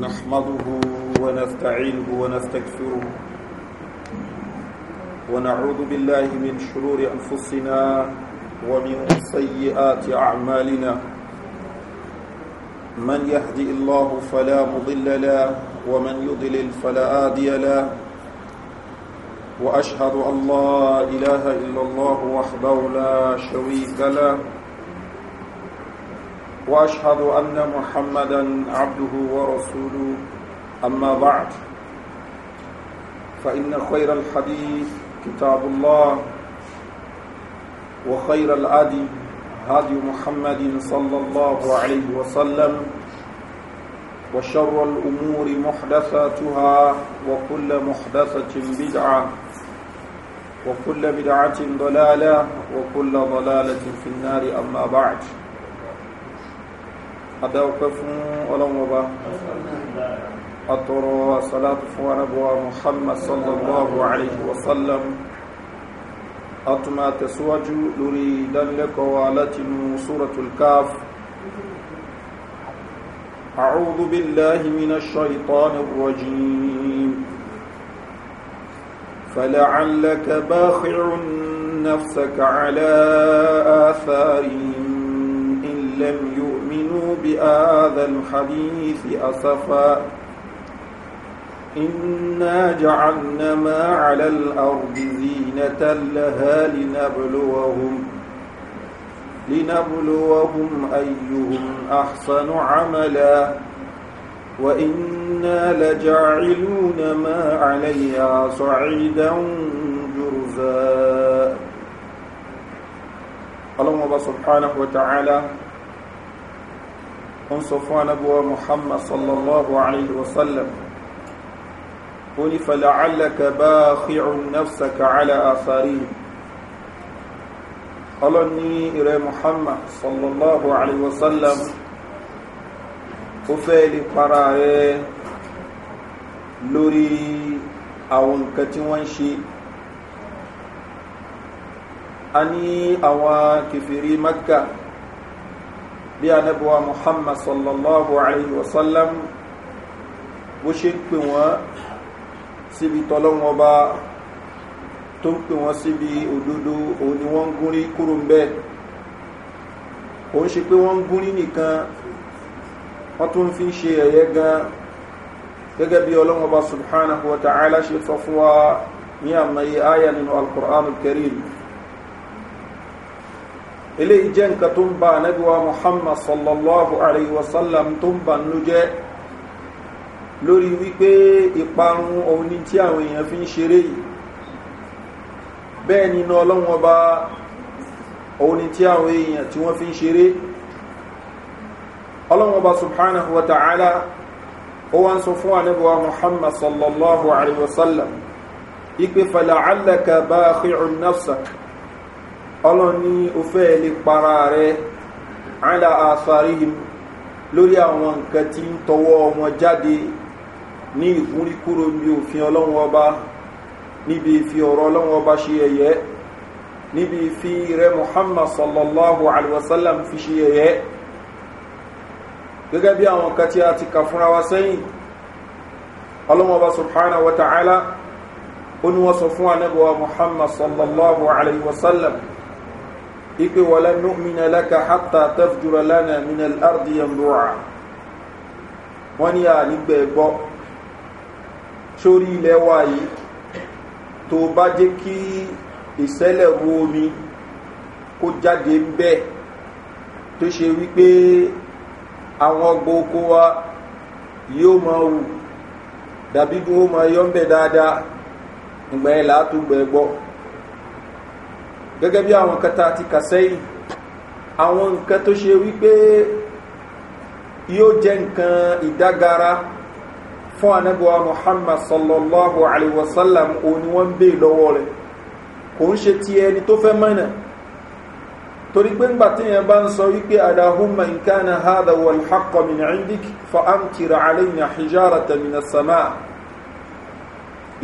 نحمده ونستعينه ونستكثره ونعوذ بالله من شرور أنفسنا ومن سيئات أعمالنا من يهدي الله فلا مضل له ومن يضلل فلا هادي له وأشهد أن لا إله إلا الله وحده لا شريك له واشهد ان محمدا عبده ورسوله اما بعد فان خير الحديث كتاب الله وخير الادي هادي محمد صلى الله عليه وسلم وشر الامور محدثاتها وكل محدثه بدعه وكل بدعه ضلاله وكل ضلاله في النار اما بعد adá ọpẹ́ fún ọlọ́run ọba atọrọ asalatu fún anábọ̀wá muhammad sallallahu alayhi wa sallam atuma tẹ̀síwájú lórí ìdánilẹ́kọ̀ọ́ alátinú suratul kaf أعوذ بالله من الشيطان الرجيم فلعلك باخع نفسك على آثارهم لم يؤمنوا بهذا الحديث أصفا إنا جعلنا ما على الأرض زينة لها لنبلوهم لنبلوهم أيهم أحسن عملا وإنا لجاعلون ما عليها صعيدا جرزا الله سبحانه وتعالى ń sọ fún anábúwa muhammad sallallahu alayhi wa sallam ó ní fala'allaka bá khirun nafsaka ala asari ọlọ́ni ìrẹ muhammad sallallahu alayhi wa sallam ó fẹ́ lè para rẹ lórí àwọn nǹkan wọ́n ṣe a ní àwọn kìfèrí makka bí anábọ̀wá muhammad sallallahu alayhi wa sallam bó ṣe ń pè wọ́n síbi tọ́lọ́wọ́n bá tó ń pè wọ́n síbi òdodo òun ni wọ́n ń gúnrí kúrò ń bẹ́ẹ̀ òun ṣe pé wọ́n ń gúnrí nìkan wọ́n tún fi ń ṣe ẹ̀yẹ gan gẹ́gẹ́ bí ọlọ́wọ́n subhanahu wa ta'ala ṣe sọ fún wa ní àmàyé àyà nínú alkur'anul karim eléyìí jẹ́ nǹkan tó ń ba ànábì wa muhammad sallallahu alayhi wa sallam tó ń ba nínú jẹ́ lórí wípé ìparun òun ni tí àwọn èèyàn fi ń ṣeré yìí bẹ́ẹ̀ nínú ọlọ́run ọba òun ni tí àwọn èèyàn tí wọ́n fi ń ṣeré ọlọ́run ọba subhanahu wa ta'ala ó wá ń sọ fún ànábì muhammad sallallahu alayhi wa sallam ipe fala'allaka bá ọlọ́ni o fẹ́ lè para rẹ ala asarihim lórí àwọn nǹkan tí ń tọwọ́ wọn jáde ní ìgúnríkúrò bí òfin ọlọ́run ọba níbi ìfi ọ̀rọ̀ ọlọ́run ọba ṣe ẹ̀yẹ́ níbi ìfi rẹ muhammad sallallahu alaihi wasallam fi ṣe ẹ̀yẹ́ gẹ́gẹ́ bí àwọn nǹkan tí a ti kà fúnra wa sẹ́yìn ọlọ́run ọba subhanahu wa ta'ala ó ní wọ́n sọ fún anábọ̀wá muhammad sallallahu alaihi wasallam ipe wàlá nùmínà láka hátà tẹ́fùjúra lánà mínà ardìyàn rọ̀à wọ́n ní ànígbẹ̀ gbọ́ sórí ilẹ̀ wa yìí tó bá jẹ́ kí ìṣẹ́lẹ̀ wo kó jáde ń bẹ́ tó ṣe wípé àwọn ọgbọ̀ wa yóò máa wù dàbí bí máa yọ́ ń bẹ̀ dáadáa ìgbà ẹ̀ látúgbẹ̀ gbọ́ gẹ́gẹ́ bí àwọn kẹta ti kà sẹ́yìn àwọn nǹkan tó ṣe wípé yóò jẹ́ nǹkan ìdágara fún anábíwá muhammad sallallahu alaihi wasallam òní wọ́n ń bè lọ́wọ́ rẹ̀ kò ń ṣe ti ẹni tó fẹ́ mọ́nà torí pé ńgbà tí yẹn bá ń sọ wípé adahumma nǹkan na hada wal haqqo min indik fa amtira alayna hijarata min as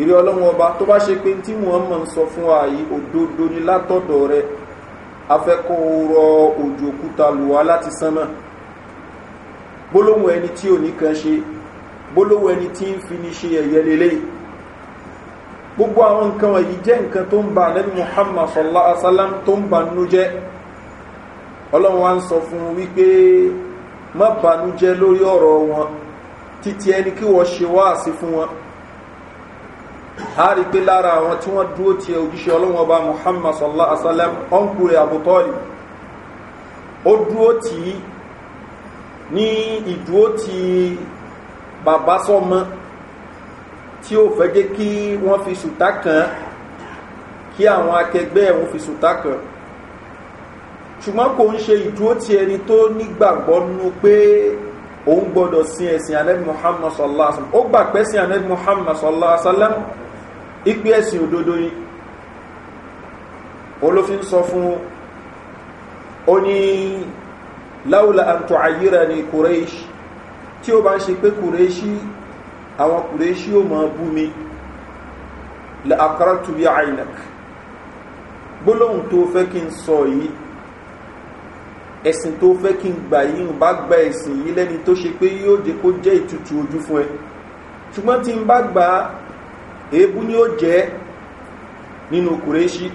ìrí ọlọ́run ọba tó bá ṣe pé tí wọ́n mọ̀ ń sọ fún wa yìí òdodo ni látọ̀dọ̀ rẹ afẹ́kọ̀ rọ òjò òkúta lùwá láti sánmà gbólóhùn ẹni tí ò ní kan ṣe gbólóhùn ẹni tí ń fi ní ṣe ẹ̀yẹ lélẹ̀ gbogbo àwọn nǹkan wọ̀nyí jẹ́ nǹkan tó ń ba anabi muhammad sallallahu alaihi wa sallam tó ń ba nínú jẹ́ ọlọ́run wa ń sọ fún wípé má banú jẹ́ lórí ọ̀rọ̀ wọn títí ẹni kí wọ́n ṣe wáàsí fún wọn a rí pé lára àwọn tí wọ́n dúró ti òjíṣẹ́ ọlọ́wọ́n ọba muhammad sallallahu alaihi wasallam ọ̀nkù rẹ̀ àbútọ́ọ̀lì ó dúró tì í ní ìdúró ti bàbá sọ́mọ tí ó fẹ́ jẹ́ kí wọ́n fi sùtá kan kí àwọn akẹgbẹ́ ẹ̀wọ̀n fi sùtá kan ṣùgbọ́n kò ń ṣe ìdúró ti ẹni tó nígbàgbọ́ nú pé òun gbọ́dọ̀ sin ẹ̀sìn anẹ́bí muhammad sallallahu alaihi ó gbà pẹ́sìn anẹ́bí muhammad sallallahu alaihi ìpé ẹ̀sìn òdodo ni olófin sọ fún ó ní láúlà àtọ̀ àyíra ni kùrẹ́ṣì tí ó bá ń ṣe pé kùrẹ́ṣì àwọn kùrẹ́ṣì ó ma bú mi la'akaratu bí àìnàk gbólóhùn tó fẹ́ kí n sọ yìí ẹ̀sìn tó fẹ́ kí n gbà yìí bá gba ẹ̀sìn yìí lẹ́ni tó ṣe pé yóò jẹ́ kó jẹ́ ìtutù ojú fún ẹ ṣùgbọ́n tí n bá gbà èébú ni ó jẹ́ nínú kùrẹ́ṣí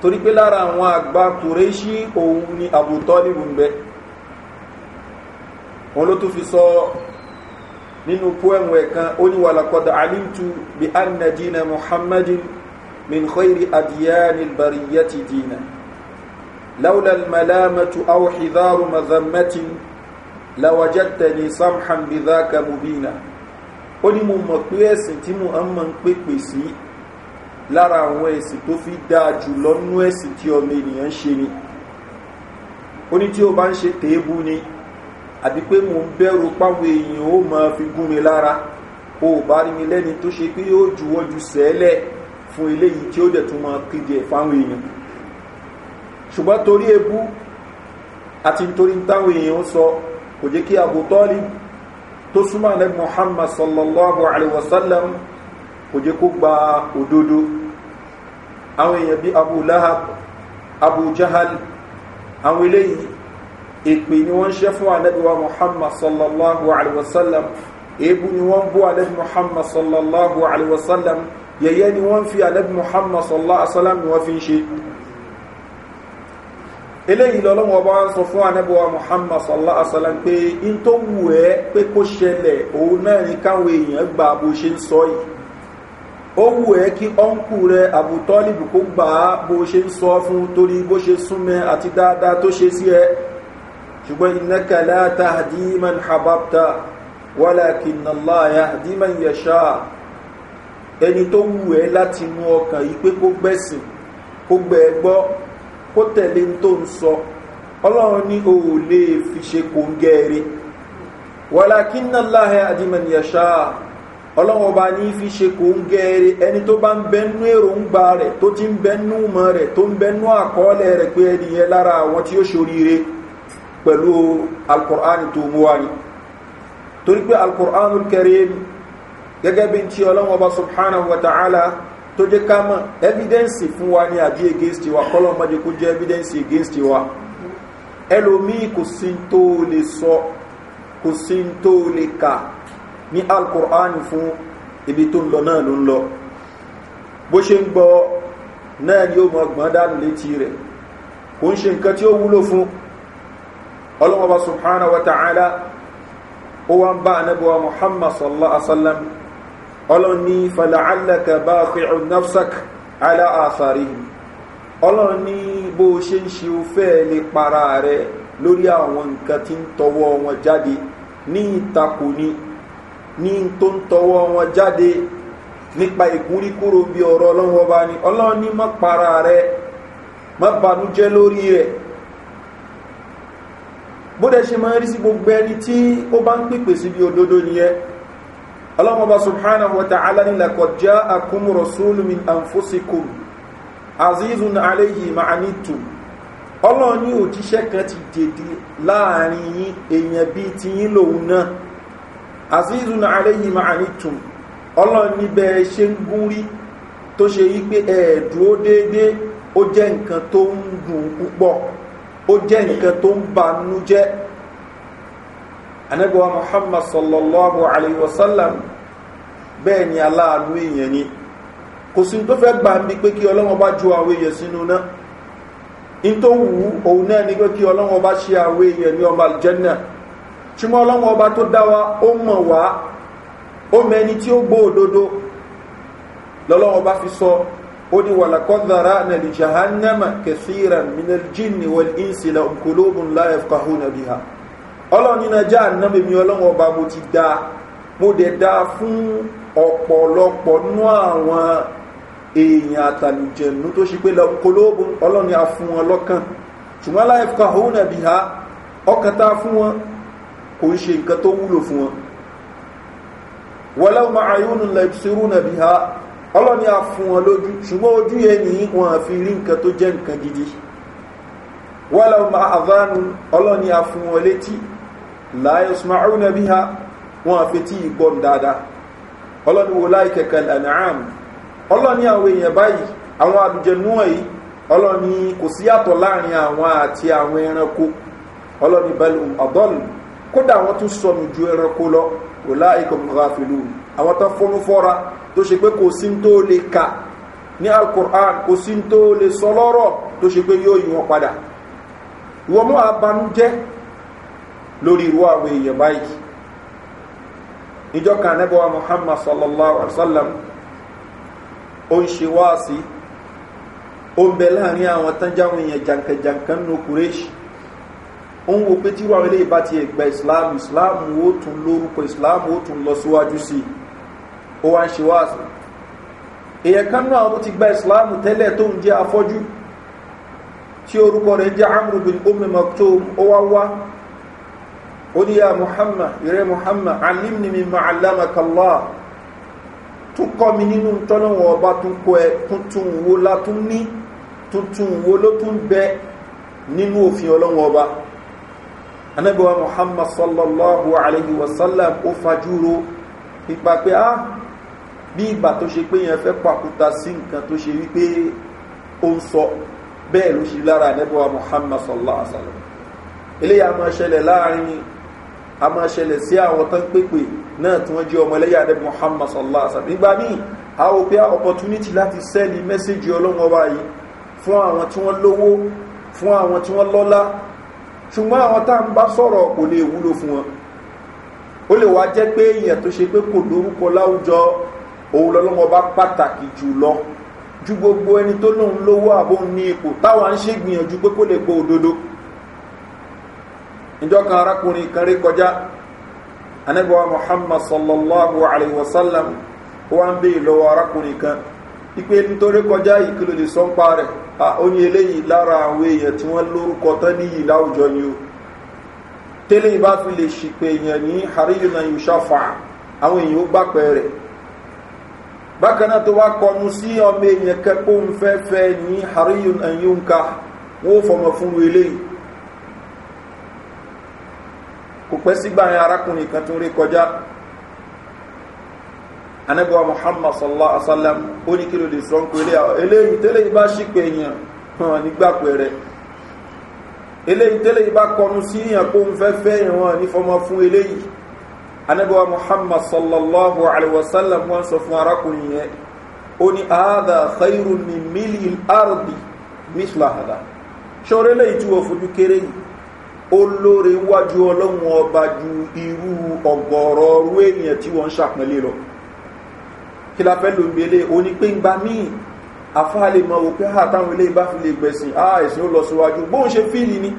torí pé lára àwọn àgbà kùrẹ́ṣí òun ni àbútọ́ níbu ń bẹ wọn ló tún fi sọ nínú poem ẹ̀ kan ó ní wàlàkọ̀dà alimtu bi annadina muhammadin min khairi adiyani bariyati dina laula almalamatu aw hidaru madhammatin lawajadtani samhan bidhaka mubina ó ní mo mọ̀ pé ẹ̀sìn tí mo ń mọ̀ ń pèpè sí lára àwọn ẹ̀sìn tó fi dáa jù lọ́nú ẹ̀sìn tí ọmọ ènìyàn ń ṣe ni ó ní tí ó bá ń ṣe tèébù ni àbí pé mo ń bẹ̀rù páwọn èèyàn ó mọ fi gún mi lára o ò bá rí mi lẹ́ni tó ṣe pé yóò juwọ́ ju sẹ́ẹ̀lẹ̀ fún eléyìí tí ó dẹ̀ tún máa kéde ẹ̀ fáwọn èèyàn ṣùgbọ́n torí ebú àti nítorí táwọn èèyàn sọ kò jẹ́ kí àbótọ́lì tó súnmọ́ ànábì muhammad sallallahu alaihi wasallam kò jẹ́ kó gba òdodo àwọn èèyàn bí abu lahab abu jahal àwọn eléyìí èpè ni wọ́n ń ṣe fún ànábì wa muhammad sallallahu alaihi wasallam èébú ni wọ́n ń bú ànábì muhammad sallallahu alaihi wasallam yẹ̀yẹ́ ni wọ́n fi ànábì muhammad sallallahu alaihi wasallam ni wọ́n fi ń eléyìí lọ́lọ́wọ́ bá ń sọ fún anẹ́bọ̀wà muhammad sallallahu alaihi wasallam pé in tó wù ẹ́ pé kó ṣẹlẹ̀ òun náà ní káwọn èèyàn gbà bó ṣe ń sọ yìí ó wù ẹ́ kí ọ́nkù rẹ àbútọ́lìbù kó gbà á bó ṣe ń sọ fún torí bó ṣe súnmẹ́ àti dáadáa tó ṣe sí ẹ ṣùgbọ́n iná kàlá tàdí man hababta walakin allah yahdi yasha ẹni tó wù ẹ́ láti mú ọkàn yìí pé kó gbẹ̀sìn kó gbẹ̀ kó tẹ̀lé tó ń sọ ọlọ́run ní o ò lè fi ṣe kòǹgẹ́ rẹ̀ wọ́lá kí ní láhẹ́ àdìmọ̀nìyàṣá ọlọ́run ọba ní fi ṣe kòǹgẹ́ rẹ̀ ẹni tó bá ń bẹnú èròǹgbà rẹ̀ tó ti ń bẹnú mọ́ rẹ̀ tó ń bẹnú àkọọ́lẹ̀ rẹ̀ pé ẹni lára àwọn tí ó ṣoríire pẹ̀lú alkùránì tó mú wa tó jẹ́ ká mọ̀ evidence fún wa ní àbí against wa kọ́lọ̀ mọ́jẹ́ kó jẹ́ evidence against wa ẹlòmíì kò sí tó lè sọ kò sí tó lè kà ní alkur'an fún ibi tó ń lọ náà ló ń lọ bó ṣe ń gbọ́ náà ni ó mọ̀ gbọ́n dánù létí rẹ̀ kò ń ṣe nǹkan tí ó wúlò fún ọlọ́mọba subhanahu wa ta'ala ó wá ń bá anábíwa muhammad sallallahu alaihi wasallam ọlọ́run ní fala'allaka bá fẹ́ràn nafsak aláàfàrí ọlọ́run ní bó ṣe ń ṣe òfẹ́ lè para rẹ lórí àwọn nǹkan tí ń tọwọ́ wọn jáde ní ìtakò ni ní tó ń tọwọ́ wọn jáde nípa ìkúríkúrò bí ọ̀rọ̀ ọlọ́run ọba ni ọlọ́run mọ́ para rẹ mọ́ banújẹ́ lórí rẹ̀ bó dẹ̀ ṣe máa rí sí gbogbo ẹni tí ó bá ń pèpè síbi òdodo nìyẹn ọlọ́mọba subhanahu wa ta'ala ni lakọjá akúmù rasúlù min anfusikum azizun alayhi ma'anitu ọlọ́run ní òjíṣẹ́ kan ti dèdè láàrin yín èèyàn bí ti yín lòun náà azizun alayhi ma'anitu ọlọ́run níbẹ̀ ṣe ń gúnrí tó ṣe yí pé ẹ̀ẹ̀dúró déédéé ó jẹ́ nǹkan tó ń dùn púpọ̀ ó jẹ́ nǹkan tó ń banú jẹ́ anabiwa muhammad sallallahu alayhi wa sallam bẹ́ẹ̀ ni aláàánú èèyàn ni kò sí tó fẹ́ gbà ń bí pé kí ọlọ́wọ́n bá ju àwọn èèyàn sínú náà in tó wù ú òun náà ni pé kí ọlọ́wọ́n bá ṣe àwọn èèyàn ní ọmọ aljanna ṣùgbọ́n ọlọ́wọ́n bá tó dá wa ó mọ̀ wá ó mẹni tí ó gbó òdodo lọ́lọ́wọ́n bá fi sọ ó ní wàlàkọ́dára nàìjíríà jahannama kẹsíra minal jinni wal insila okulobun láyẹ̀fkahuna biha. ha ọlọ́run nínú ẹja ànábì mi ọlọ́run ọba mo ti da mo dẹ̀ da fún ọ̀pọ̀lọpọ̀ nú àwọn èèyàn àtàlùjẹ̀nú tó ṣe pé kolóòbù ọlọ́run a fún wọn lọ́kàn ṣùgbọ́n aláìfọ́ ha ọkàn tá fún wọn kò ń ṣe nǹkan tó wúlò fún wọn ha ọlọ́run a fún wọn lójú ṣùgbọ́n ojú yẹn àfi láyé ọsùmáàrùn náà bí ha wọ́n àfetí ìgbọ́n dáadáa ọlọ́niwò láì kẹ̀kẹ́ ànàám ọlọ́ni àwọn èèyàn báyìí àwọn àlùjẹnú ẹ̀yí ọlọ́ni kò sí yàtọ̀ láàrin àwọn àti àwọn ẹranko ọlọ́ni bẹ́lùm ọ̀dọ́nù kódà àwọn tún sọnù ju ẹranko lọ wò láì kọ̀mùgáfìlú àwọn tán fọ́nú fọ́ra tó lórí irú àwọn èèyàn báyìí ìjọ kan anábọ́wá muhammad sallallahu alaihi wa sallam ó ń ṣe wáàsí ó ń bẹ láàrin àwọn tánjáwọn èèyàn jankan-jankan ní okùnrẹ́ṣì ó ń wo pé tí wàá ilé ìbá ti ẹ̀gbà ìsìláàmù ìsìláàmù ó tún lórúkọ ìsìláàmù ó tún lọ síwájú sí ó wá ń ṣe wáàsí èèyàn kan náà ó ti gba ìsìláàmù tẹ́lẹ̀ tó ń jẹ́ afọ́jú tí orúkọ rẹ̀ jẹ́ amru omi umm maktoum ó wá wá ó يا محمد muhammad محمد علمني مما علمك الله alamakalla tún kọ́ mi nínú tọ́lọ́wọ́ ọba tún kọ́ ẹ tuntun wo la tún ní tuntun wo ló tún bẹ nínú òfin ọlọ́wọ́ ọba anábíwá muhammad sallallahu alayhi wa sallam ó fajúro ipa pé á ah, bí ìgbà tó ṣe pé yẹn fẹ́ pàkúta sí nǹkan tó ṣe wípé ó ń sọ bẹ́ẹ̀ ló ṣe lára anábíwá muhammad sallallahu alayhi wa sallam eléyà máa ṣẹlẹ̀ láàrin a máa ṣẹlẹ̀ sí àwọn tán pépè náà tí wọ́n jẹ́ ọmọlẹ́yà adé muhammad sallallahu alaihi wasallam nígbà míì a ó pé opportunity láti sẹ́ni mẹ́sẹ̀jì ọlọ́run ọba yìí fún àwọn tí wọ́n lówó fún àwọn tí wọ́n lọ́lá ṣùgbọ́n àwọn tá ń bá sọ̀rọ̀ kò lè wúlò fún wọn ó lè wá jẹ́ pé èèyàn tó ṣe pé kò lórúkọ láwùjọ òun lọ́lọ́mọ bá pàtàkì jù lọ ju gbogbo ẹni tó lóun lówó àbóhun ní ipò táwọn ń ṣègbìyànjú pé kó lè po òdodo ìjọ kan arákùnrin kan rí kọjá anábíwá muhammad sallallahu alayhi wa sallam wọ́n ń bí ìlọ́wọ́ arákùnrin kan ipe nítorí kọjá ìkìlò lè sọ ń pa rẹ̀ oyin eléyìí lára àwọn èèyàn tí wọ́n lórúkọ tán níyì láwùjọ ni o tẹ́lẹ̀ ìbá fi lè ṣìpè èèyàn ní àríyànà ìṣàfà àwọn èèyàn ó gbàpẹ́ rẹ̀ bákanáà tó wá kọnu sí ọmọ èèyàn kẹ́kọ̀ọ́ ń fẹ́ fẹ́ ní àríyànà yóò ń ka wọ́n fọmọ fún eléyìí kò pẹ́ sígbà yẹn arákùnrin kan tún rí kọjá anabiwa muhammad sallallahu alaihi wa sallam ó ní kí ló lè sọ ń pè eléyìí tẹ́lẹ̀ yìí bá ṣì pé èèyàn hàn nígbà pẹ̀rẹ̀ eléyìí tẹ́lẹ̀ yìí kọnu sí èèyàn kó ń fẹ́ fẹ́ ìwọ̀n ní fọmọ fún eléyìí anabiwa muhammad sallallahu alaihi wa wọ́n sọ fún arákùnrin yẹn ó ní àádà khairu ni mílíọ̀n ardi mislahada ṣọ́rẹ́lẹ̀ ìtúwọ̀ fojú kéré yìí olóore wájú ọlọ́run ọba ju irú ọ̀gọ̀ọ̀rọ̀ ọrú èèyàn tí wọ́n ń ṣàpẹ́lẹ̀ lọ kí la fẹ́ lómi ilé oní pé ń gba míì àfáà lè mọ̀ wò pé àtàwọn ah, ilé bá fi lè gbẹ̀sìn àìsìn ah, ó lọ síwájú bóun ṣe fíìlì ni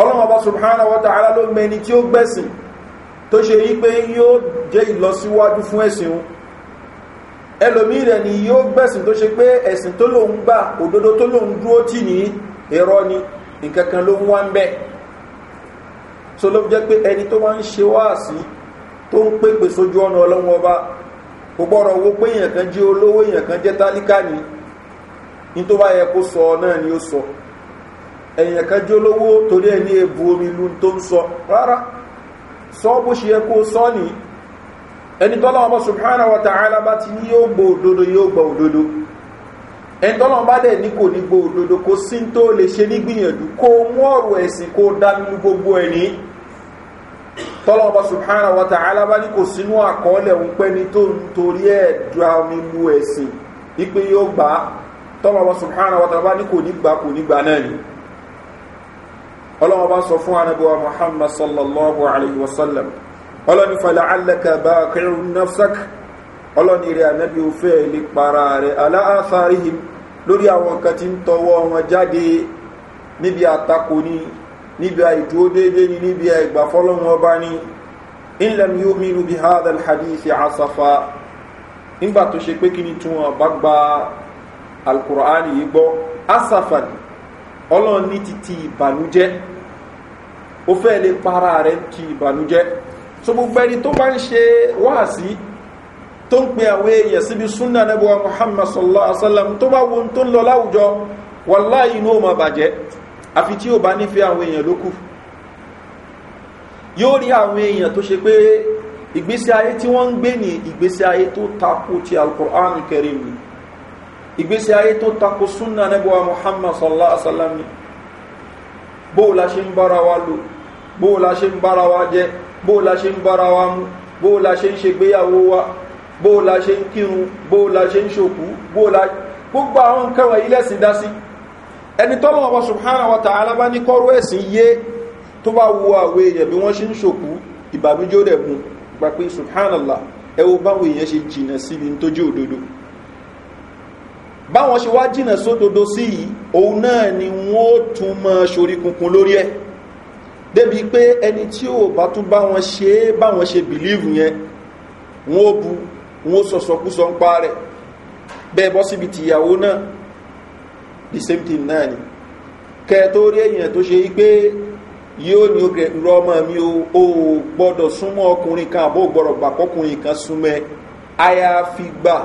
ọlọ́run ọba subhanahu wa ta'ala ló mẹni tí ó ni yóò gbẹ̀sìn tó ṣe pé ẹ̀sìn nǹkan kan ló ń wá ń bẹ́ so ló jẹ́ pé ẹni tó wá ń ṣe wáàsí tó ń pèpè sójú ọ̀nà ọlọ́wọ́ ọba kò gbọ́rọ̀ owó pé èèyàn kan jẹ́ olówó èèyàn kan jẹ́ tálíkà ni ní tó bá yẹ kó sọ náà ni ó sọ èèyàn kan jẹ́ olówó torí ẹni ebu omi lu tó ń sọ rárá sọ bó ṣe yẹ kó sọ ni ẹni tọ́lọ́wọ́ subhanahu wa ta'ala bá ti ní yóò gbọ́ òdodo yóò gbọ́ òdodo ẹ̀ńtọ́nà bá dẹ̀ ní kò ní gbo òdodo kó sí tó lè ṣe nígbìyànjú kó mú ọ̀rọ̀ ẹ̀sìn kó dá nínú gbogbo ẹ̀ ní tọ́lọ́ ọba subhana wa ta'ala bá ní kò sínú àkọọ́lẹ̀ òun pẹ́ ní tó ń torí ẹ̀ dá omi mu ẹ̀sìn wípé yóò gbà á tọ́lọ́ ọba subhana wa ta'ala bá ní kò ní gbà kò ní gbà náà ni ọlọ́wọ́ sọ fún anábíwá ọlọ́ni falẹ̀ alẹ́kàbá kẹrùn-ún lè para rẹ̀ aláàfáàríhìn lórí àwọn nǹkan tí ń tọwọ́ wọn jáde níbi àtakò ni níbi àìdúró déédé ni níbi àìgbà fọ́lọ́run ọba ni ilẹ̀ mi yóò mìíràn bí hadal hadith asafa nígbà tó ṣe pé kí ni tí wọn bá gba alukur'an yìí gbọ́ asafa ọlọ́run ní titi ìbànújẹ́ ó fẹ́ lè para rẹ̀ ti ìbànújẹ́ so gbogbo ẹni tó bá ń ṣe wáàsí tó ń pe àwọn èèyàn síbi súnà nẹ́bùwà muhammad sallallahu alaihi wasallam tó bá wo tó ń lọ láwùjọ wàláì inú ọmọ bàjẹ́ àfi tí ó bá nífẹ̀ẹ́ àwọn èèyàn lókù yóò rí àwọn èèyàn tó ṣe pé ìgbésí ayé tí wọ́n ń gbé ní ìgbésí ayé tó takò ti alkùránì kẹrin ni ìgbésí ayé tó takò súnà nẹ́bùwà muhammad sallallahu alaihi wasallam bóò la ṣe ń bára wa lò bóò la ṣe ń bára wa jẹ bóò la ṣe ń bára wa mú bóò la ṣe ń ṣe gbéyàwó wa bó la ṣe ń kírun bó la ṣe ń ṣòkú bó la gbogbo àwọn nǹkan wọ̀nyí lẹ́sìn dá sí ẹni tọ́lọ̀ wọn ṣùgbọ́n àwọn tààlà bá ní kọ́rọ̀ ẹ̀sìn yé tó bá wo àwọn èèyàn bí wọ́n ṣe ń ṣòkú ìbàmíjó subhanallah ẹ wo báwọn èèyàn ṣe jìnà síbi tó jẹ́ òdodo báwọn ṣe wá jìnà ni wọ́n ó tún mọ ṣorí kunkun lórí ẹ̀ débi pé ẹni tí ò bá tún bá wọn wọ́n bu wọn sọ̀sọ̀kúsọ ń pa rẹ̀ bẹ́ẹ̀ bọ́ síbi tìyàwó náà the same thing náà ni kẹ to se tó ṣe pé yóò ní rọ mi o gbọdọ súnmọ́ ọkùnrin kan àbó gbọdọ gbà kan súnmọ́ àyàfi gbà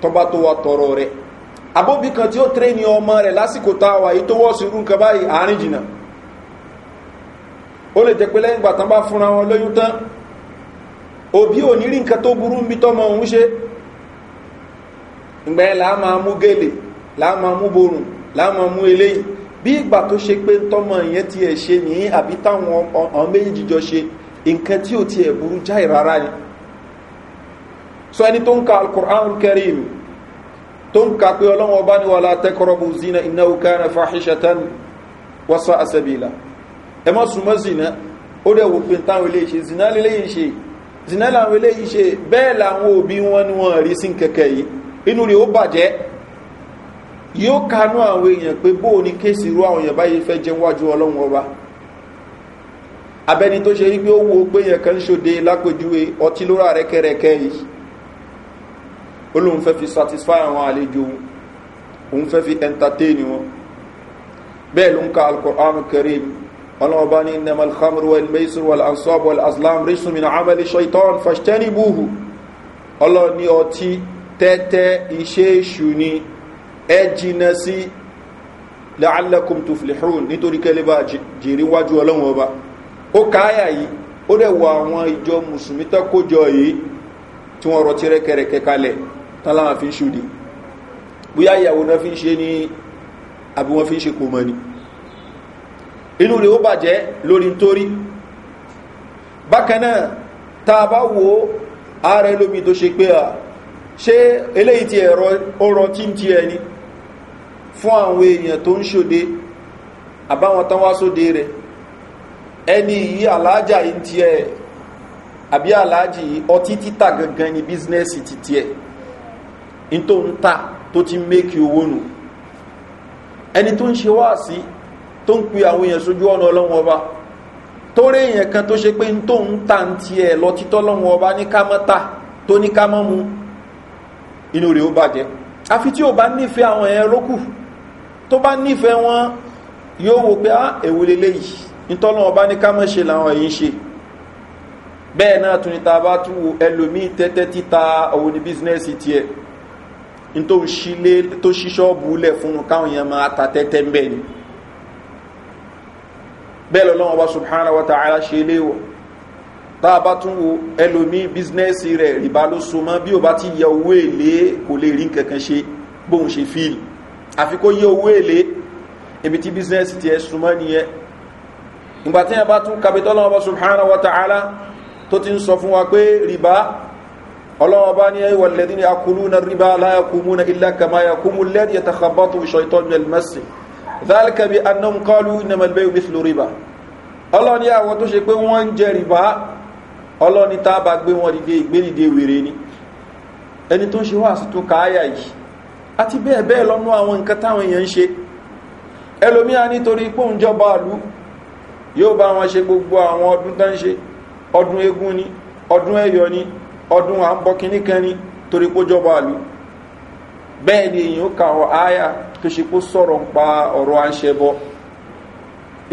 tọba tó wa tọrọ kan tí ó tẹ́ ní ọmọ rẹ̀ lásìkò tá a wà yìí tó wọ́ sí irú nǹkan báyìí àárín jìnnà ó lè pé òbí ò ní rí nǹkan tó burú ń bí tọ́mọ òun ṣe ìgbà ẹ̀ láà máa mú gèlè láà máa mú borùn láà máa mú eléyìí bí ìgbà tó ṣe pé tọ́mọ ìyẹn ti ẹ̀ ṣe ní àbí táwọn ọ̀n méjì jọ ṣe nǹkan tí ò ti ẹ̀ burú jáì rárá ni sọ ẹni tó ń ka alukur'an kẹrin tó ń ka pé ọlọ́wọ́ bá ní wàhálà tẹ́kọ̀rọ̀bù zina iná òkàna fàáhíṣẹ́tàn wọ́sà àṣẹbìlà ẹ má súnmọ́ zina ó dẹ̀ wò pé táwọn ilé ṣe zina lélẹ́yìn ṣe zina làwọn eléyìí ṣe bẹ́ẹ̀ làwọn òbí wọn ni wọ́n rí sí kẹ̀kẹ́ yìí inú rẹ̀ ó bàjẹ́ yóò kanú àwọn èèyàn pé bóò ní kéèsì irú àwọn èèyàn báyìí fẹ́ jẹun wájú ọlọ́run ọba abẹni tó ṣe wípé ó wo pé èèyàn kan ṣòde lápèjúwe ọtí lóra rẹ́kẹrẹkẹ yìí ó lóun fẹ́ fi satisfy àwọn àlejò òun fẹ́ fi entertain wọn bẹ́ẹ̀ ló ń ka alukọ̀rán kẹrin ọlọ́wọ́ bá ní nẹ́mà alhamdu wa ilmẹ́sir wa al'ansọ́bù al'aslam rísun min amali shaitan fashtani buhu ọlọ́wọ́ ní ọtí tẹ́tẹ́ iṣẹ́ èṣù ni ẹ jìnà sí la'allakum tuflihun nítorí kẹlẹ́bà jìrí wájú ọlọ́wọ́ inú rẹ̀ ó bàjẹ́ lórí torí bákanáà tá a bá wo ààrẹ lómi tó ṣe pé à ṣé eléyìí ti ẹ̀rọ ọrọ̀ tí ń ti ẹni fún àwọn èèyàn tó ń ṣòde àbáwọn tán wá sóde rẹ̀ ẹni yìí alájà yìí ti ẹ̀ àbí aláàjì ọtí títà gangan ni bísínẹ́sì ti tiẹ̀ ní tó ń ta tó ti ń owó nù ẹni tó ń ṣe wá sí tó ń pe àwọn èèyàn sójú ọ̀nà ọlọ́run ọba tó rí èèyàn kan tó ṣe pé ń tó ń ta ń tiẹ̀ lọ títọ́ ọlọ́run ọba ní ká mọ́ ta tó ní ká mọ́ mu inú rẹ̀ ó bàjẹ́ àfi tí ò bá nífẹ̀ẹ́ àwọn èèyàn lókù tó bá nífẹ̀ẹ́ wọn yóò wo pé á ah, èwo leléyìí nítọ́lọ́run ọba ní ká ṣe làwọn èyí ṣe bẹ́ẹ̀ náà tún ní ta bá tún wo ẹlòmíì tẹ́tẹ́ títa òun ní bísínẹ́sì tiẹ̀ ní tó ṣí ṣọ́ọ̀bù lẹ̀ fún káwọn èèyàn máa ta tẹ́tẹ́ ń bẹ́ẹ̀ ni bẹ́ẹ̀ lọ́nà ọba subhanahu wa ta'ala ṣe léwọ̀ tá a bá tún wo ẹlòmíì bísínẹ́sì rẹ̀ rìbá ló so mọ́ bí o bá ti yẹ owó èlé kò lè rí nkankan ṣe bóun ṣe fíìlì àfi kó yẹ owó èlé ibi tí bísínẹ́sì tiẹ̀ súnmọ́ nìyẹn ìgbà tí yẹn bá tún kabitọ́ wa ta'ala dhalika bi annahum qalu innama al-bay'u mithlu riba ọlọ́ni àwọn tó ṣe pé wọ́n ń jẹ rìbá ọlọ́ni tá bá gbé wọn dìde ìgbédìde wèrè ni ẹni tó ń ṣe wáàsí tó kááyà yìí àti bẹ́ẹ̀ bẹ́ẹ̀ lọ́nú àwọn nǹkan táwọn èèyàn ń ṣe ẹlòmíà nítorí pé òun jọba àlú yóò bá wọn ṣe gbogbo àwọn ọdún tán ṣe ọdún egun ni ọdún ẹyọ ni ọdún à ń bọ kíníkan ni torí pé ó jọba àlú bẹ́ẹ̀ ni èèyàn kà ọ áyà tó ṣe kó sọ̀rọ̀ ń pa ọ̀rọ̀ à ń ṣe bọ́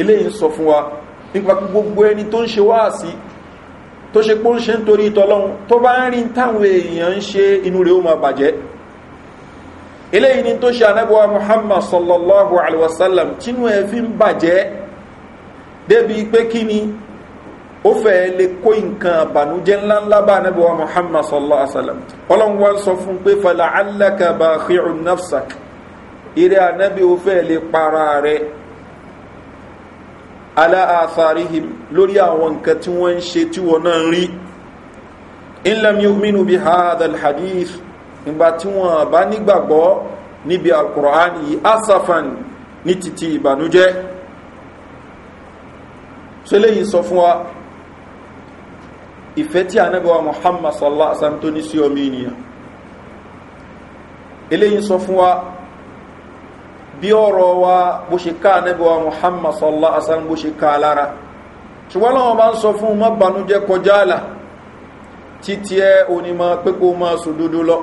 eléyìí ń sọ fún wa nípa gbogbo ẹni tó ń ṣe wá sí tó ṣe pó ń ṣe ń torí ìtọ́lọ́run tó bá ń rí táwọn èèyàn ń ṣe inú rẹ̀ ó máa bàjẹ́ eléyìí ni tó ṣe anábọ́wá muhammad sallallahu alaihi wasallam tínú ẹ fi ń bàjẹ́ débi pé kí ni ó fẹ́ lè kó nǹkan àbànújẹ́ ńláńlá bá anábọ́wá muhammad sallallahu alaihi wasallam ọlọ́run wá sọ fún pé fàlà alákàbà khirun nafsak eré anábì ó fẹ́ lè para rẹ̀ aláàfàríhìm lórí àwọn nǹkan tí wọ́n ń ṣe tí wọ́n náà rí inlam yóò mínú bí haadal hadith ìgbà tí wọ́n bá nígbàgbọ́ níbi alkùrán yìí asafan ní títí ìbànújẹ́ sọléyìn sọ fún wa ìfẹ́ tí anábíwa muhammad sallallahu alaihi sí omi ènìyàn eléyìn sọ fún wa bí wa bó ṣe ká muhammad sallallahu alaihi wasallam bó ṣe ká lára ṣùgbọ́n lọ́wọ́ bá ń sọ fún mọ́ banújẹ́ kọjá àlà títí ẹ onímọ̀ pépò máa sòdodo lọ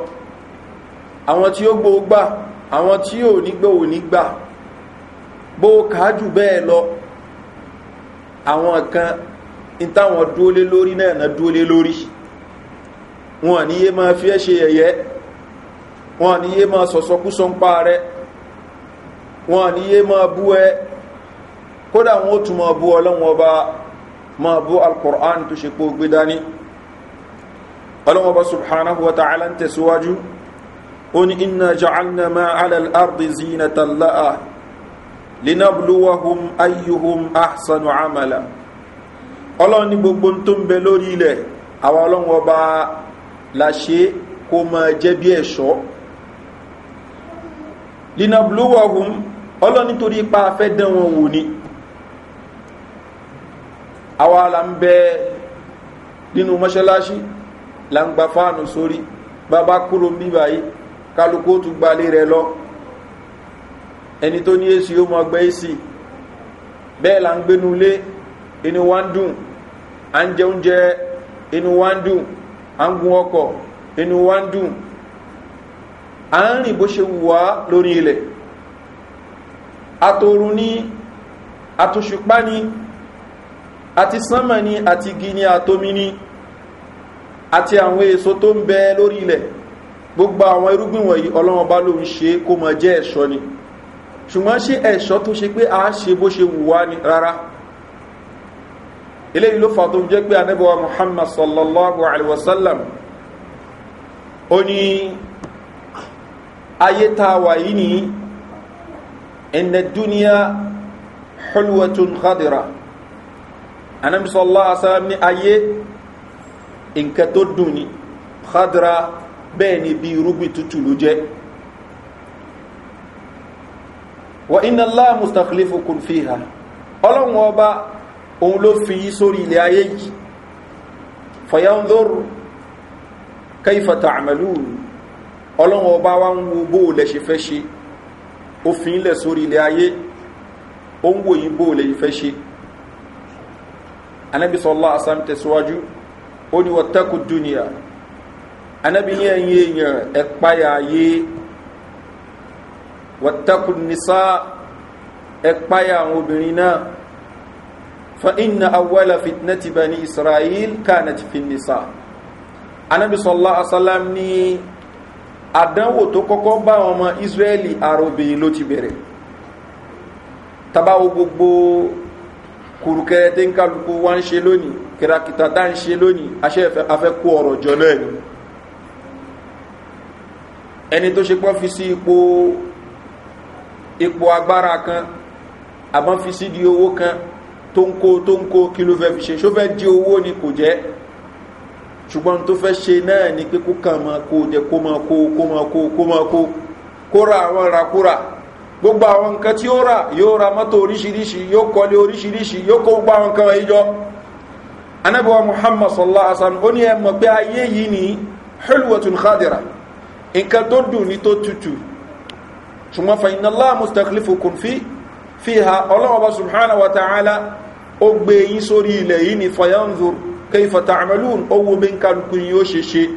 àwọn tí ó gbó gbà àwọn tí ò ní gbé ò ní gbà bó káájù bẹ́ẹ̀ lọ àwọn kan ní táwọn dúó lé lórí náà náà dúó lé lórí wọn ní yé máa fi ẹ́ ṣe ẹ̀yẹ́ wọn ní yé máa sọ̀sọ́kú sọ́ńpá rẹ̀ wọn ni yé máa bú ẹ kódà wọn ó tún máa bú ọlọ́wọ́n ọba máa bú alkùrán tó ṣe pé ó gbé dání ọlọ́wọ́n ọba subhanahu wa ta'ala ń tẹ̀síwájú ó ní iná ja'alna ma alal ardi zina talla'a linabluwahum ayyuhum ahsanu amala ọlọ́run ní gbogbo tó ń bẹ lórí ilẹ̀ àwọn ọlọ́run ọba la ṣe kó máa jẹ́ bí ẹ̀ṣọ́ linabluwahum ọlọ́ni torí ipa afẹ́ dán wọn wò ni àwa la ń bẹ nínú mọ́ṣáláṣí la ń gba fáànù sórí bàbá kúrò ń bíbà yìí kálukú ó tún gbalé rẹ lọ ẹni tó ní èsì ó mọ ọgbẹ́ èsì bẹ́ẹ̀ la ń gbénu lé inú wa ń dùn à ń jẹ oúnjẹ inú wa ń dùn à ń gun ọkọ̀ inú wa ń dùn à ń rìn bó ṣe wù wá lórí ilẹ̀ atorun ní àtòṣùpá ní àti sánmà ní àti igi ní àtomi ní àti àwọn èso tó ń bẹ lórí ilẹ̀ gbogbo àwọn irúgbìn wọ̀nyí ọlọ́wọ́n bá ló ń ṣe kó mọ jẹ́ ẹ̀ṣọ́ ni ṣùgbọ́n ṣe ẹ̀ṣọ́ tó ṣe pé a ṣe bó ṣe wù wá ní rárá eléyìí ló fà tó jẹ́ pé anẹ́bọ̀wà muhammad sallallahu alaihi wasallam ó ní ayé ta wà yìí nìyí ان الدنيا حلوة خضرة انا صلى الله عليه وسلم اي ان كتدني خضرة بيني بي ربي تتلوجه وإن الله مستخلفكم فيها ọlọ́run ọba òun في fi yí sórí كيف تعملون yìí fayanzor kaifata amalu ọlọ́run ó fi ń lẹ̀ sórí ilẹ̀ ayé ó ń wò yí bó lè fẹ́ ṣe anábi sọ́lá asám tẹ̀síwájú ó ní wọ́tẹ́kù dúnìyà anábi ní ẹ̀yìn èèyàn ẹ̀páyà ayé wọ́tẹ́kù nìsá ẹ̀páyà àwọn obìnrin náà fa inna awwala fitnati bani israel kanat fi nisa anabi sallallahu alaihi wasallam ni àdánwò tó kọ́kọ́ bá ọmọ israeli arobìnrin ló ti bẹ̀rẹ̀ tabawo gbogbo kùrùkẹrẹ tí ń kálukú wá ń ṣe lónìí kìràkìtà tá ń ṣe lónìí aṣẹ́ afẹ́kú ọ̀rọ̀ jọ náà ni ẹni tó ṣe pọ́ fi sí ipò ipò agbára kan àbọ́n fi sí di owó kan tó ń kó tó ń kó kí ló fẹ́ fi ṣe ṣó fẹ́ di owó ni kò jẹ́ ṣùgbọ́n tó fẹ́ ṣe náà ni pé kó kàn máa kó jẹ kó máa kó kó máa kó kó máa kó kó ra àwọn rakúra gbogbo àwọn nǹkan tí ó rà yóò ra mọ́tò oríṣiríṣi yóò kọ́lé oríṣiríṣi yóò kó gbogbo àwọn nǹkan ìjọ anábíwá muhammad sallallahu alaihi ó ní ẹ pé ayé yìí ní hulwatun khadira nǹkan tó dùn ní tó tutù ṣùgbọ́n fa iná láà kùn fi fi ha ọlọ́wọ́ subhanahu wa ta'ala ó gbé yín sórí ilẹ̀ yìí ní fayanzur kaifa ta'malun o wo min kan yi o sheshe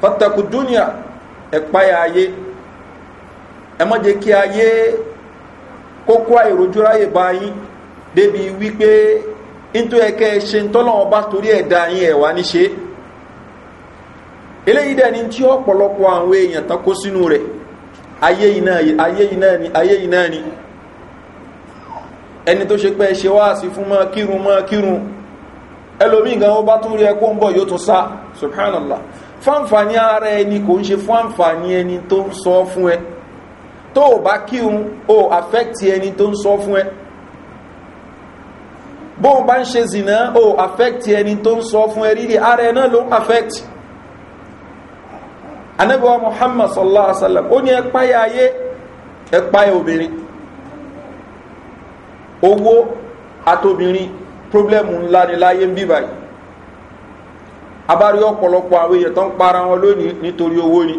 fatta ku dunya e paya ye je ki aye koko ko ay rojura ye bayi de bi wi pe into e ke se ntolon ba tori e da yin e wa ni se ele ide ni ti opolopo awon eyan ta re aye ina eni to ni aye ina ni ẹni tó ṣe pẹ́ ṣe fún mọ́ kírun ẹlòmí nǹkan wọn bá tún rí ẹkún ń bọ̀ yóò tún sá subhanallah ni ara ẹni kò ń ṣe fáǹfààní ẹni tó ń sọ fún ẹ e. tó o bá kírun o affect ẹni tó ń sọ fún ẹ e. bá ń ṣe zìnà o affect ẹni tó ń sọ fún ẹ e. ara ẹ náà ló ń affect muhammad sallallahu alaihi wa sallam ó ní ẹ problem ńlá ni láyé ń bí báyìí abárí ọ̀pọ̀lọpọ̀ àwọn èèyàn tó ń para wọn lónìí nítorí owó ni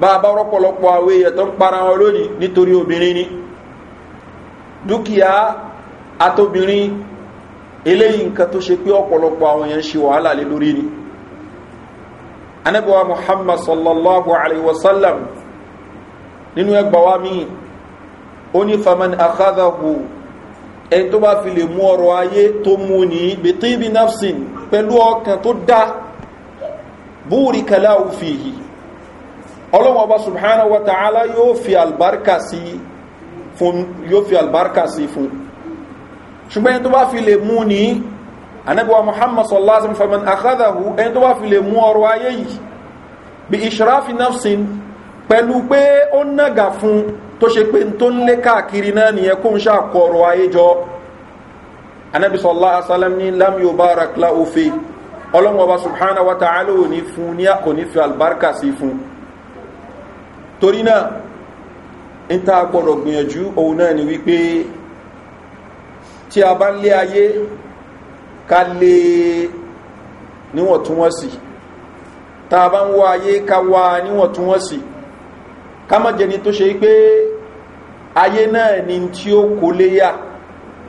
bá a bá rọ́pọ̀lọpọ̀ àwọn èèyàn tó ń para wọn lónìí nítorí obìnrin ni dúkìá atóbìnrin eléyìí nǹkan tó ṣe pé ọ̀pọ̀lọpọ̀ àwọn èèyàn ṣe wàhálà lé lórí ni anabiwa muhammad sallallahu alaihi wasallam nínú ẹgbàá wa ó ní faman akhadahu ẹni tó bá fi lè mú ọrọ̀ ayé tó mú ní bẹ̀tẹ́bí nafsin pẹ̀lú ọkàn tó dá búrí kẹlá òfin yìí ọlọ́wọ́ ọba subhanahu wa ta'ala yóò fi albarka sí fún yóò fi albarka sí fún ṣùgbọ́n ẹni tó bá fi lè mú ní anabiwa muhammad sallallahu alaihi wa ẹni tó bá fi lè mú ọrọ̀ ayé yìí bí israfi pẹ̀lú pé ó nága fún tó ṣe pé tó ń lé káàkiri náà nìyẹn kó ń ayéjọ anabi asálẹ́m ní lam yóò bá ara kla òfin ọlọ́wọ́ ọba subhanahu wa ta'ala ò ní fún ní kò ní fi albarka sí fún torí náà ń ta gbọ́dọ̀ gbìyànjú òun náà ni wípé tí a bá ń lé ayé ká lé níwọ̀ntúnwọ̀nsì tá bá ń wá ayé ká wá níwọ̀ntúnwọ̀nsì ká má jẹni tó ṣe pé ayé náà ni tí ó kó léyà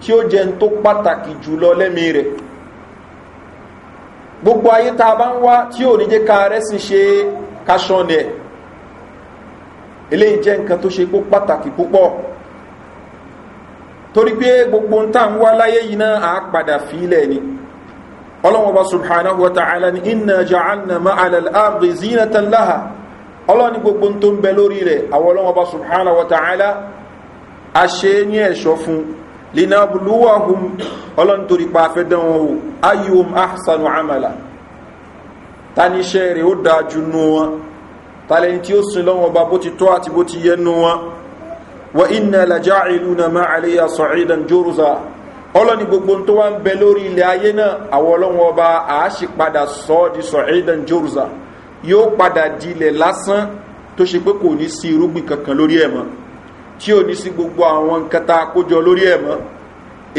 tí ó jẹun tó pàtàkì jùlọ lẹ́mí rẹ̀ gbogbo ayé tá a bá ń wá tí ò ní jẹ́ ká rẹ̀ sì ṣe kásán ẹ̀ eléyìí jẹ́ nǹkan tó ṣe pàtàkì púpọ̀ torí pé gbogbo ń tàn wá láyé yìí náà àá padà fílẹ̀ ni ọlọ́wọ́n bá subhanahu wa ta'ala ni inna ja'alna ma'alal ardi zinatan laha ọlọ́ni gbogbo tó ń bẹ lórí rẹ̀ àwọn ọlọ́wọ́ bá subhanahu wa ta'ala a ṣe ní ẹ̀ṣọ́ fún linabluwahum ọlọ́ni torí pa afẹ́ dán wọn o ayyum ahsanu amala ta ní iṣẹ́ rẹ̀ ó dáa jù nù wọn tàlẹ́yìn tí ọlọ́ni gbogbo tó wá ń bẹ lórí ilẹ̀ ayé náà àwọn ọlọ́wọ́ bá a ṣì padà sọ́ di sọ̀rìdàn jórùsà yóò padà dilẹ̀ lásán tó ṣe pé kò ní sí irúgbìn kankan lórí ẹ̀ mọ́ tí ò ní sí gbogbo àwọn nǹkan tá a kójọ lórí ẹ̀ mọ́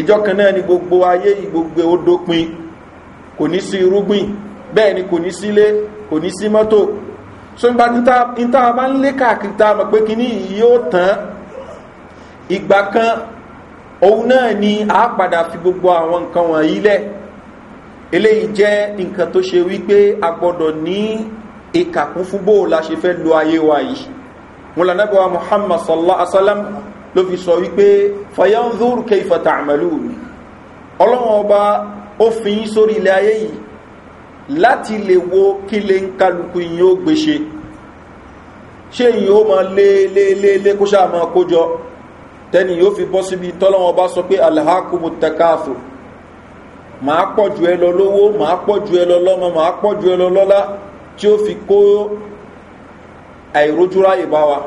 ìjọ kan náà ni gbogbo ayé yìí gbogbo ó dópin kò ní sí irúgbìn bẹ́ẹ̀ ni kò ní sílé kò ní sí mọ́tò so n bá níta bá ń lé káàkiri tá mọ̀ pé kíní yóò tán ìgbà kan òun náà ni a padà fi gbogbo àwọn nǹkan wọ̀nyí lẹ̀ eléyìí jẹ́ nǹkan tó ṣe wípé a gbọ́dọ̀ ní ìkàkún fún bóò la ṣe fẹ́ lo ayé wa yìí wọn lọ nẹ́gbẹ̀wá muhammad sallallahu alaihi wasallam ló fi sọ wípé fayanzur keifa ta'amalu mi ọlọ́wọ́n ọba ó fi yín sórí ilẹ̀ ayé yìí láti lè wo kí lè ń kálukú yín ó gbéṣe ṣé yìí ó máa lé lé lé lé kó ṣáà máa kójọ tẹ́ni yóò fi bọ́ síbi tọ́lọ́wọ́n bá sọ pé alhakumu takafu màá pọ̀ ju ẹ lọ lówó màá pọ̀ ju ẹ lọ lọ́mọ màá pọ̀ ju ẹ lọ lọ́lá tí ó fi kó àìrójú ráyè wa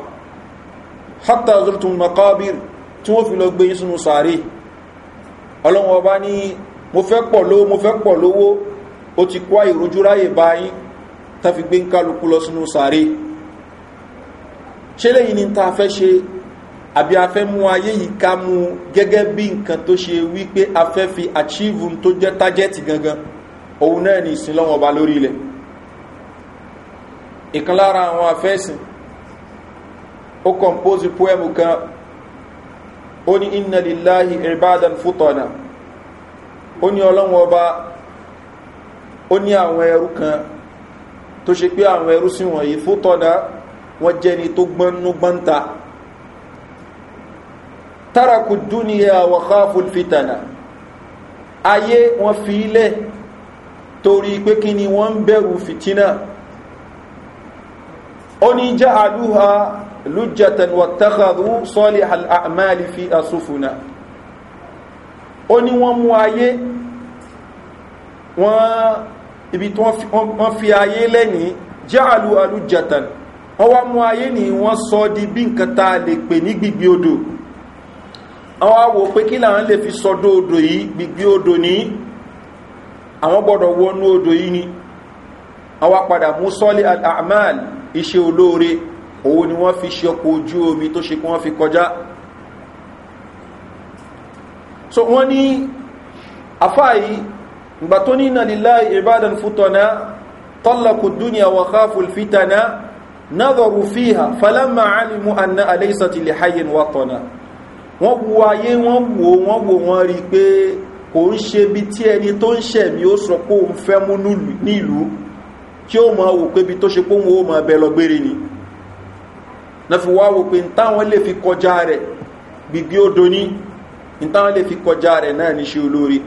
hatta zurtun makabir tí wọ́n fi lọ gbé yín sínú sàárè ọlọ́wọ́n ọba ní mo fẹ́ pọ̀ lówó mo fẹ́ pọ̀ lówó ó ti kó àìrójú ráyè bá yín tá fi gbé ń kálukú lọ sínú sàárè ṣé lẹ́yìn ni ta fẹ́ ṣe àbí a fẹ́ mú ayé yìí ká mú gẹ́gẹ́ bí nǹkan tó ṣe wípé a fẹ́ fi achieve tó jẹ́ tájẹ́tì gangan òun náà ni ìsìn lọ́wọ́ ọba lórí ilẹ̀ ìkan lára àwọn afẹ́sìn ó kọmpósì poemu kan ó ní iná líláhì ìbádàn fútọ̀nà ó ní ọlọ́wọ́ ọba ó ní àwọn ẹrú kan tó ṣe pé àwọn ẹrú sí wọ̀nyí fútọ̀nà wọ́n jẹni tó gbọ́nú gbọ́nta tàràkù dúnìyà wà káfùl ó ní jẹ́ àlúhà lújẹ̀tàn wàtàkàrù sọ́lẹ̀ àmàlì fi àsúfùnà ó ní wọ́n mú ayé wọ́n ibi tí wọ́n fi ayé lẹ́yìn jẹ́ àlúhà lújẹ̀tàn wọ́n wá mú ayé ní wọ́n sọ di bí nǹkan ta lè pè ní gbígbí odò àwọn awò pé kí làwọn lè fi sọdọ́ odò yìí gbígbí odò ní àwọn gbọ́dọ̀ wọnú odò yìí ni àwọn padà mú sọ́lẹ̀ àmàlì iṣẹ́ olóore òun ni wọ́n fi ṣe ọkọ̀ ojú omi tó ṣe kí wọ́n fi kọjá so wọ́n ní afáàyí ìgbà tó ní ìnàlélá ìbádàn fútọ̀nà tọ́lọ̀kù dúnìyà wà káfù fítànà náàdọ̀rù fíhà falamma alimu anna aláìsàtì lè hayin wà tọ̀nà wọ́n wu ayé wọ́n wo wọ́n wo wọ́n rí pé kò ń ṣe bí tí ẹni tó ń ṣẹ̀mí ó sọ kó ń fẹ́ mú nílùú ki o mọ̀ wò pé bí tó ṣe pé wọn ó lọ gbére ni na fi wá wò pé n táwọn lè fi kọjá rẹ̀ gbígbé odò ní n táwọn lè fi kọjá rẹ̀ náà ní ṣe olóore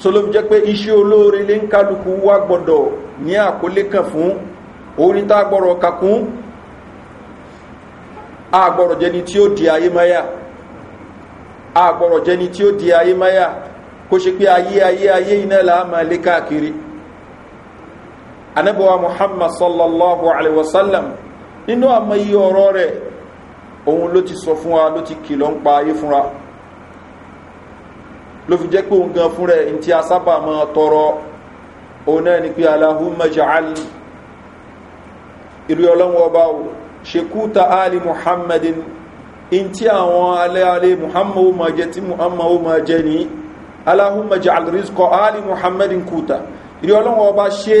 so ló fi jẹ́ pé iṣẹ́ olóore lé ń kálukú wá gbọ́dọ̀ ní àkólé kan fún orin tá gbọ́rọ̀ kakún àgbọ̀rọ̀ jẹni tí ó di ayé máyà àgbọ̀rọ̀ jẹni tí ó di ayé máyà kó ṣe pé ayé ayé ayé iná làá máa lé káàkiri anabiwa muhammad sallallahu alaihi wasallam nínú àmọ́ iye ọ̀rọ̀ rẹ̀ òun ló ti sọ fún wa ló ti kìlọ̀ ń pa ayé fúnra ló fi jẹ́ pé òun gan fún rẹ̀ ní tí a sábà máa tọrọ òun náà ni pé aláhùnmá jàálì ìlú ọlọ́wọ́ ọba ṣekúta ali muhammadin in tí àwọn alẹ́ alẹ́ muhammad ó máa jẹ tí muhammad ó máa jẹ ní aláhùnmá jàálì rizkọ ali muhammadin kúta ìlú ọlọ́wọ́ ọba ṣe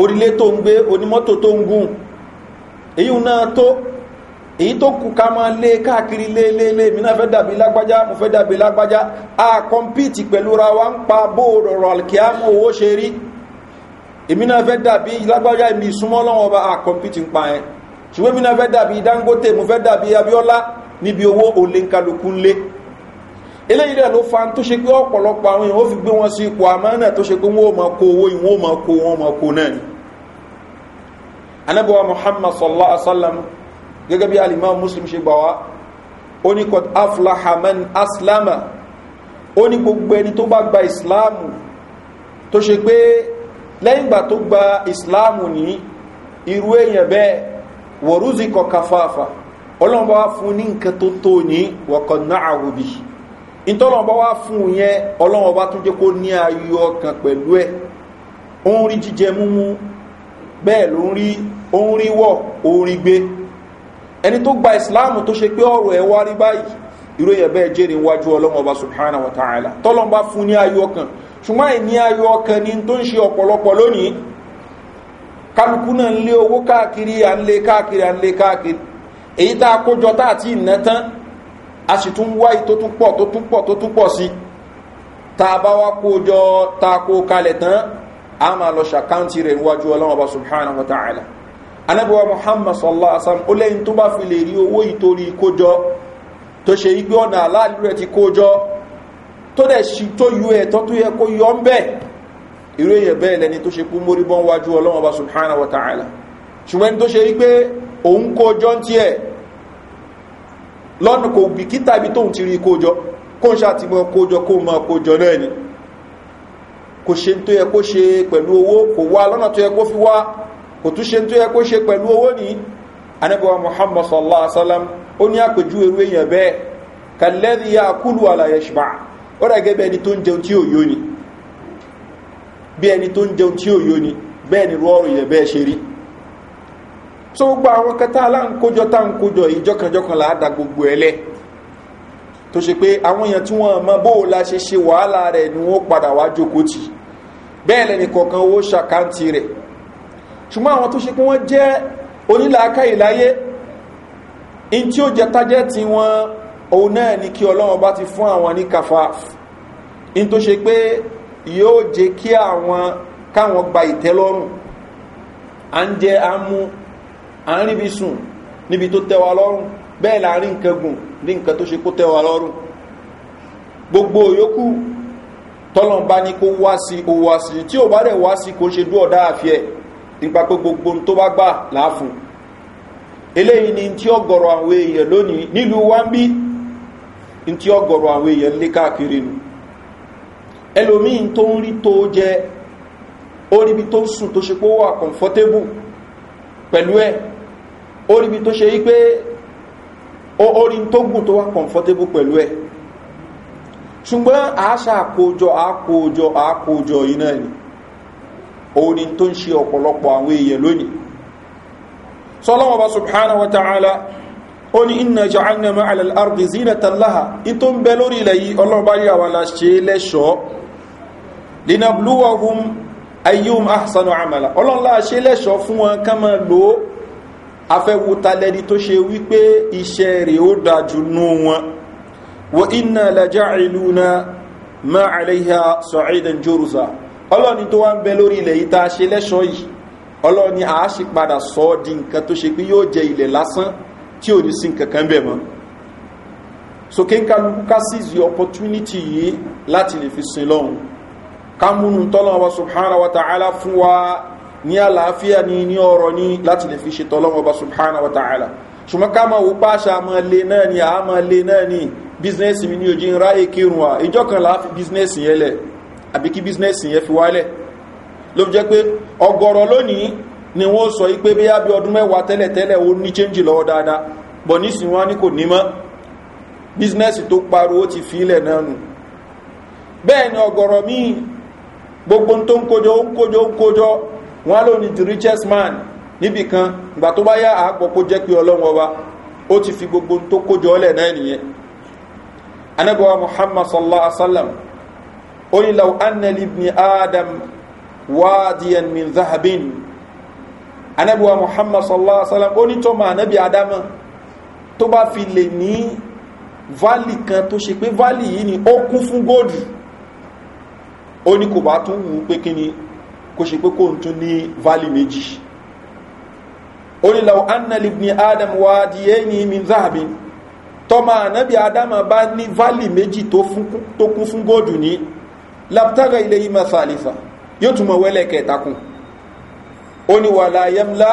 orílẹ̀ tó ń gbé onímọ́tò tó ń gùn èyí náà tó èyí tó kù ká máa lé káàkiri lé lé fẹ́ dàbí lágbájá mo fẹ́ dàbí lágbájá a kọ́mpìtì pẹ̀lú ra wa ń pa bó rọ̀rọ̀ àlùkìyàmù owó ṣe rí èmi náà fẹ́ dàbí lágbájá èmi ìsúnmọ́ lọ́wọ́ bá a kọ́mpìtì ń pa yẹn ṣùgbọ́n èmi fẹ́ dàbí dangote mo fẹ́ dàbí abiola níbi owó olè ń lé eléyìí dẹ̀ ló fa tó ṣe pé ọ̀pọ̀lọpọ̀ àwọn èèyàn ó fi gbé wọn sí ipò àmánà tó ṣe pé wọ́n ó mọ kó owó ìwọ̀n ó mọ kó wọn mọ kó náà ni anábọ̀wá muhammad sallallahu alaihi wasallam gẹ́gẹ́ bí alimá muslim ṣe gbà wá ó ní kọ́ aflahaman aslama ó ní gbogbo ẹni tó bá gba ìsìláàmù tó ṣe pé lẹ́yìn ìgbà tó gba ìsìláàmù ní irú èèyàn bẹ́ẹ̀ wọ̀rúzikọ̀ kafáfà ọlọ́run fún ní nǹkan tó tó ní wọ̀kọ̀ náà àwòbí ìtọ́lọ̀bọ́ wá fún yẹn ọlọ́wọ́n bá tún jẹ́ kó ní ayò ọkàn pẹ̀lú ẹ̀ ó ń rí jíjẹ múmú bẹ́ẹ̀ ló ń rí ó ń rí wọ̀ ó ń rí gbé ẹni tó gba ìsìláàmù tó ṣe pé ọ̀rọ̀ ẹ̀ rí báyìí ìròyìn ẹ̀bẹ́ jẹ́rìí subhana wa ta'ala tọ́lọ́n bá fún ní ayò ọkàn ni tó ń ṣe ọ̀pọ̀lọpọ̀ lónìí kálukú náà ń lé owó káàkiri à a sì tún wá tó tún pọ̀ tó tún pọ̀ tó tún pọ̀ sí tá a bá wá kó jọ tá kó kalẹ̀ tán a máa lọ ṣàkáǹtì rẹ̀ níwájú ọlọ́run ọba subhanahu wa ta'ala anábíwá muhammad sallallahu alaihi wa sallam ó lẹ́yìn tó bá fi lè rí owó ìtorí kójọ tó ṣe igbó ọ̀nà aláàlú rẹ̀ ti kójọ tó dẹ̀ ṣì tó yú ẹ̀tọ́ tó yẹ kó yọ ń bẹ́ẹ̀ irú èyàn bẹ́ẹ̀ lẹni tó ṣe kú mórí bọ́n wájú ọlọ́run ọba subhanahu wa ta'ala ṣùgbọ́n tó ṣe wípé òun kójọ ń tiẹ̀ lọ́nà kò bìkítà ibi tóun ti rí kójọ kó ń ṣáà ti mọ kójọ kó mọ kójọ náà ni kò ṣe tó yẹ kó ṣe pẹ̀lú owó kò wá lọ́nà tó yẹ kó fi wá kò tún ṣe tó yẹ kó ṣe pẹ̀lú owó ní anábíwá muhammad sallallahu alaihi wasallam ó ní àpèjú eru èèyàn bẹ́ẹ̀ kàlẹ́dì yà kúlù àlàyé ṣùgbà ó rà gẹ́gẹ́ bí ẹni tó ń jẹun tí ò yóni bí ẹni so gbogbo àwọn kẹta aláǹkójọ táǹkójọ ìjọkànjọkàn láàdá gbogbo ẹlẹ́ tó ṣe pé àwọn èèyàn tí wọ́n mọ bóò la ṣe ṣe wàhálà rẹ̀ ni wọ́n padà wá jókòó tì bẹ́ẹ̀ lẹ́ni kọ̀ọ̀kan owó ṣàkáǹtì rẹ̀ ṣùgbọ́n àwọn tó ṣe pé wọ́n jẹ́ onílàáká ìláyé in tí ó jẹ tájẹ́ tí wọ́n òun náà ni kí ọlọ́wọ́n bá ti fún àwọn ní kàfà in tó ṣe pé yóò jẹ kí àwọn káwọn gba ìtẹ́lọ́rùn à ń jẹ àmú à ń ríbi sùn níbi tó tẹ́wa lọ́rùn bẹ́ẹ̀ là ń rí nǹkan gùn ní nǹkan tó ṣe kó lọ́rùn gbogbo yòókù tọ́lọ̀mbá ní kó wá sí ó sí tí ó bá rẹ̀ wá sí gbogbo tó bá gbà láàfún eléyìí ni tí ó àwọn èèyàn lónìí nílùú wá ń bí tí àwọn èèyàn lé jẹ oríbi tó sùn tó ṣe oríbi tó ṣe wípé orí tó gùn tó wá comfortable pẹ̀lú ẹ̀ ṣùgbọ́n àáṣà àkójọ àkójọ àkójọ yìí náà ni òun ni tó ń ṣe ọ̀pọ̀lọpọ̀ àwọn èèyàn lónìí sọlọ́wọ́ bá subhanahu wa ta'ala ó ní iná jẹ́ annama al'ardi zina tallaha in tó ń bẹ lórí ilẹ̀ yìí ọlọ́bá yà wà láṣẹ lẹ́ṣọ́ linabluwahum ayyum ahsanu amala ọlọ́nlá ṣe lẹ́ṣọ́ fún wọn ká máa lòó afẹ́wutalẹ́ni tó ṣe wípé iṣẹ́ rẹ̀ ó dájú nú wọn wọ iná lajá ìlú na ma àlẹ́yà sọ̀rọ̀dàn jórùsà ọlọ́ni tó wá ń bẹ lórí ilẹ̀ yìí tá a ṣe lẹ́ṣọ́ yìí ọlọ́ni a ṣì padà sọ di nǹkan tó ṣe pé yóò jẹ ilẹ̀ lásán tí ò ní sí nǹkan bẹ̀ mọ́ so kí n kálukú ká seize opportunity yìí láti lè fi sin lọ́hùn ká múnú tọ́lọ́wọ́ subhanahu wa ta'ala fún wa ní àlàáfíà ní ní ọ̀rọ̀ ní láti lè fi ṣe subhana wa ta'ala ṣùgbọ́n ká máa wò páṣà máa lè náà ni àá lè náà ni mi ní ojú ń ráyè à ìjọ kan fi bísínẹ́sì yẹn lẹ̀ àbí kí fi wálẹ̀ ló jẹ́ pé lónìí ni wọ́n sọ pé bí á ọdún mẹ́wàá tẹ́lẹ̀ tẹ́lẹ̀ ó ní lọ́wọ́ dáadáa bọ̀ ni kò ní mọ́ ni míì gbogbo tó ń wọ́n ló ní the richest man níbì kan ìgbà tó bá yá àápọ̀ kó jẹ́ pé ọlọ́run ọba ó ti fi gbogbo tó kójọ ọlẹ̀ náà nìyẹn anábọ̀wá muhammad sallallahu alaihi wasallam ó ní law annali ibn adam wadiyan min zahabin anábọ̀wá muhammad sallallahu alaihi wasallam ó ní tọ́mọ anábì adama tó bá fi lè ní valley kan tó ṣe pé valley yìí ni ó kún fún góòdù ó ní kò bá tún wù ú pé kí ni kó ṣe pé kó n tún ní valley méjì ó ní lọ annalibni adam wa diẹ ní min zahabin tọ́mọ ànábì adama bá ní valley méjì tó kún fún góòdù ní labtaga ilé yìí máa sàlìsà yóò túnmọ̀ wẹ́lẹ̀ kẹtàkùn ó ní wà láyẹ́mlá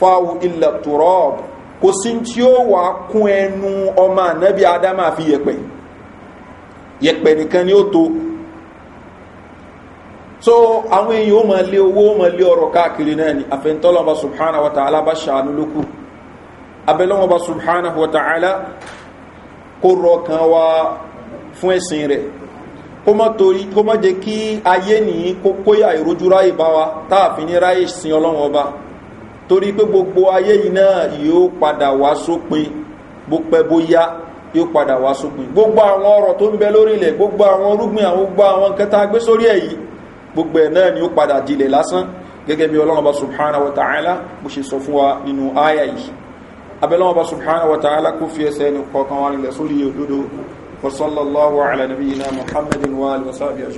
fáwù ilẹ̀ tùrọ́ọ̀bù kò sí tí ó wà kún ẹnu ọmọ ànábì adama fi yẹ̀pẹ̀ yẹ̀pẹ̀ nìkan ni ó to so àwọn èèyàn ó máa lé owó ó máa lé ọrọ̀ káàkiri náà ni àfẹ́ntọ́lọ́ba subhanahu wa ta'ala bá ṣàánú lókù abẹ́lọ́wọ́ba subhanahu wa ta'ala kó rọ kan wá fún ẹ̀sìn rẹ̀ kó mọ́ torí kó mọ́ jẹ́ kí ayé wa táàfin ní ráyè sin torí pé gbogbo ayé yìí náà yóò padà wá sópin bó pẹ́ yóò padà wá sópin gbogbo àwọn tó ń bẹ gbogbo àwọn àwọn gbogbo àwọn gbé sórí gbogbo ẹ̀ náà ni ó padà dilẹ̀ lásán gẹ́gẹ́ bí ọlọ́run ọba subhanahu wa ta'ala bó ṣe sọ fún wa nínú àyà yìí abẹ́lọ́wọ́ bá subhanahu wa ta'ala kú fi ẹsẹ̀ ẹni kọ̀ọ̀kan wọn lè sórí òdúdó wasallallahu ala nabiyyina muhammadin wa alisabi